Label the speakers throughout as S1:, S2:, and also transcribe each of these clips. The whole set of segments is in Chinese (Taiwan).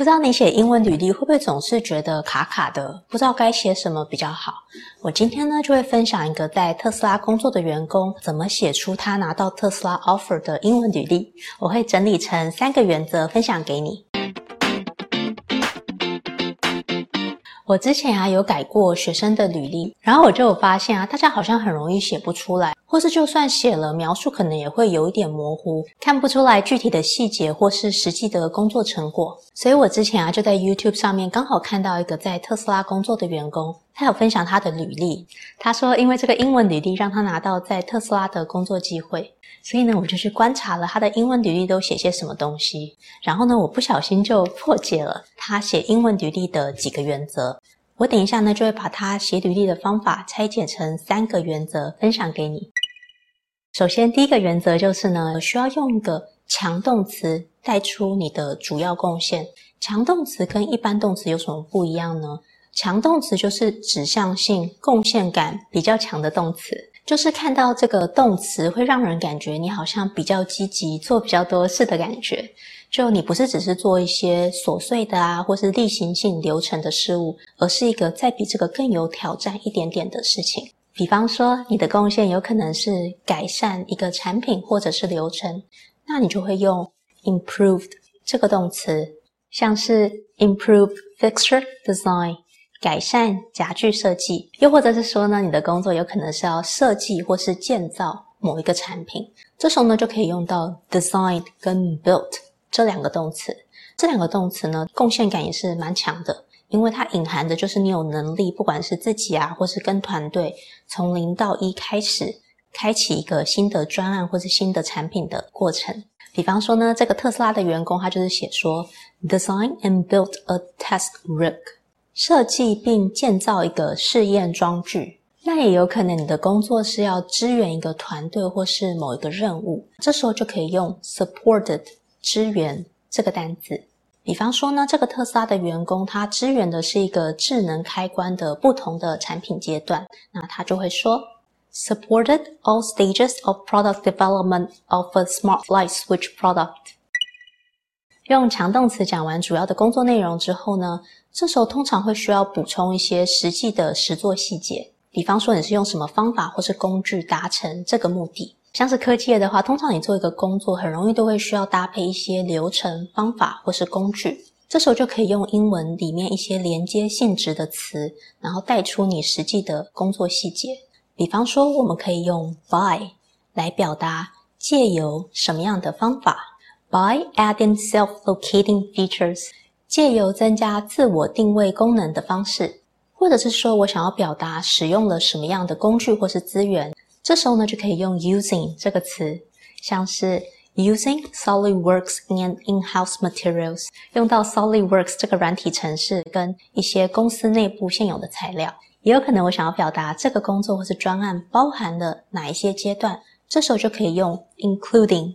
S1: 不知道你寫英文履歷會不會總是覺得卡卡的，不知道該寫什麼比較好。我今天呢，就會分享一個在特斯拉工作的員工，怎麼寫出他拿到特斯拉 offer 的英文履歷。我會整理成三個原則分享給你。我之前啊有改過學生的履歷，然後我就有發現啊，大家好像很容易寫不出來，或是就算寫了，描述可能也會有一點模糊，看不出來具體的細節或是實際的工作成果。所以我之前啊就在 YouTube 上面剛好看到一個在特斯拉工作的員工。他有分享他的履歷，他說因為這個英文履歷讓他拿到在特斯拉的工作機會，所以呢，我就去觀察了他的英文履歷都寫些什麼東西。然後呢，我不小心就破解了他寫英文履歷的幾個原則。我等一下呢就會把他寫履歷的方法拆解成三個原則分享給你。首先，第一個原則就是呢，需要用一個強動詞帶出你的主要貢獻。強動詞跟一般動詞有什麼不一樣呢？強動詞就是指向性、貢獻感比較強的動詞，就是看到這個動詞會讓人感覺你好像比較積極，做比較多事的感覺。就你不是只是做一些瑣碎的啊，或是例行性流程的事物，而是一個再比這個更有挑戰一點點的事情。比方說，你的貢獻有可能是改善一個產品或者是流程，那你就會用 improved 這個動詞，像是 improve fixture design。改善夾具設計，又或者是說呢，你的工作有可能是要設計或是建造某一個產品，這時候呢就可以用到 design 跟 build 這兩個動詞。這兩個動詞呢，貢獻感也是蠻強的，因為它隱含的就是你有能力，不管是自己啊，或是跟團隊從零到一開始開啟一個新的專案或是新的產品的過程。比方說呢，這個特斯拉的員工他就是寫說，design and build a test rig。設計並建造一個試驗裝置，那也有可能你的工作是要支援一個團隊或是某一個任務，這時候就可以用 supported 支援這個單字。比方說呢，這個特斯拉的員工他支援的是一個智能開關的不同的產品階段，那他就會說 supported all stages of product development of a smart light switch product。用強動詞講完主要的工作內容之後呢，這時候通常會需要補充一些實際的實作細節。比方說你是用什麼方法或是工具達成這個目的。像是科技業的話，通常你做一個工作很容易都會需要搭配一些流程、方法或是工具。這時候就可以用英文裡面一些連接性質的詞，然後帶出你實際的工作細節。比方說，我們可以用 by 來表達借由什麼樣的方法。By adding self-locating features，借由增加自我定位功能的方式，或者是說我想要表達使用了什麼樣的工具或是資源，這時候呢就可以用 using 這個詞，像是 using SolidWorks and in in-house materials，用到 SolidWorks 這個軟體程式跟一些公司內部現有的材料。也有可能我想要表達這個工作或是專案包含了哪一些階段，這時候就可以用 including。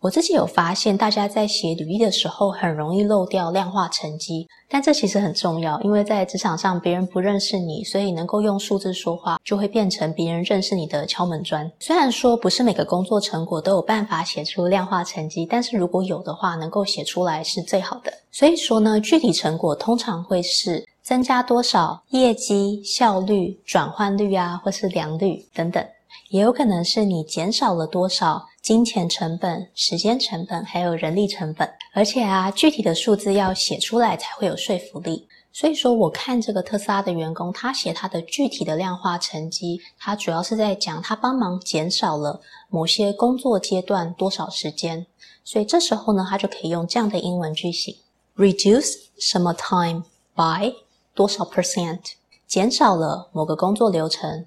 S1: 我自己有發現，大家在寫履歷的時候很容易漏掉量化成績，但這其實很重要，因為在職場上別人不認識你，所以能夠用數字說話，就會變成別人認識你的敲門磚。雖然說不是每個工作成果都有辦法寫出量化成績，但是如果有的話，能夠寫出來是最好的。所以說呢，具體成果通常會是增加多少業績、效率、轉換率啊，或是良率等等。也有可能是你減少了多少金錢成本、時間成本，還有人力成本。而且啊，具體的數字要寫出來才會有說服力。所以說，我看這個特斯拉的員工，他寫他的具體的量化成績，他主要是在講他幫忙減少了某些工作階段多少時間。所以這時候呢，他就可以用這樣的英文句型：reduce 什麼 time by 多少 percent，減少了某個工作流程。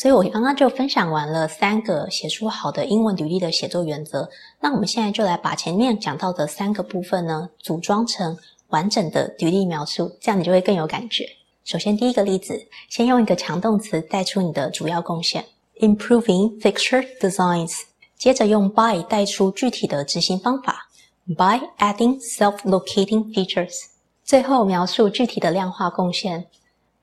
S1: 所以我剛剛就分享完了三個寫出好的英文履歷的寫作原則。那我們現在就來把前面講到的三個部分呢，組裝成完整的履歷描述，這樣你就會更有感覺。首先，第一個例子，先用一個強動詞帶出你的主要貢獻，Improving fixture designs。接着用 by 帶出具體的執行方法，by adding self-locating features。最後描述具體的量化貢獻。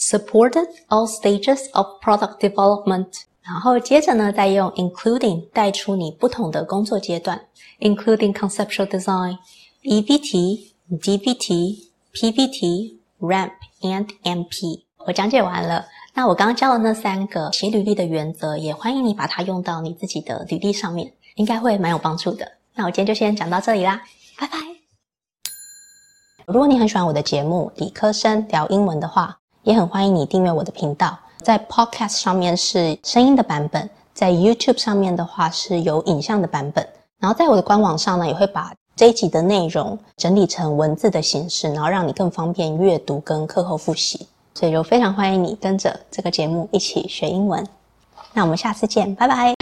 S1: Supported all stages of product development。然後接着呢，再用 including 帶出你不同的工作階段，including conceptual design, EVT, DVT, PVT, RAMP, and MP。我講解完了，那我剛剛教的那三個寫履歷的原則，也歡迎你把它用到你自己的履歷上面，應該會蠻有幫助的。那我今天就先講到這裡啦，拜拜。如果你很喜歡我的節目《理科生聊英文》的話，也很歡迎你訂閱我的頻道，在 Podcast 上面是聲音的版本，在 YouTube 上面的話是有影像的版本，然後在我的官網上呢，也會把這一集的內容整理成文字的形式，然後讓你更方便閱讀跟課後複習。所以就非常歡迎你跟着這個節目一起學英文。那我們下次見，拜拜。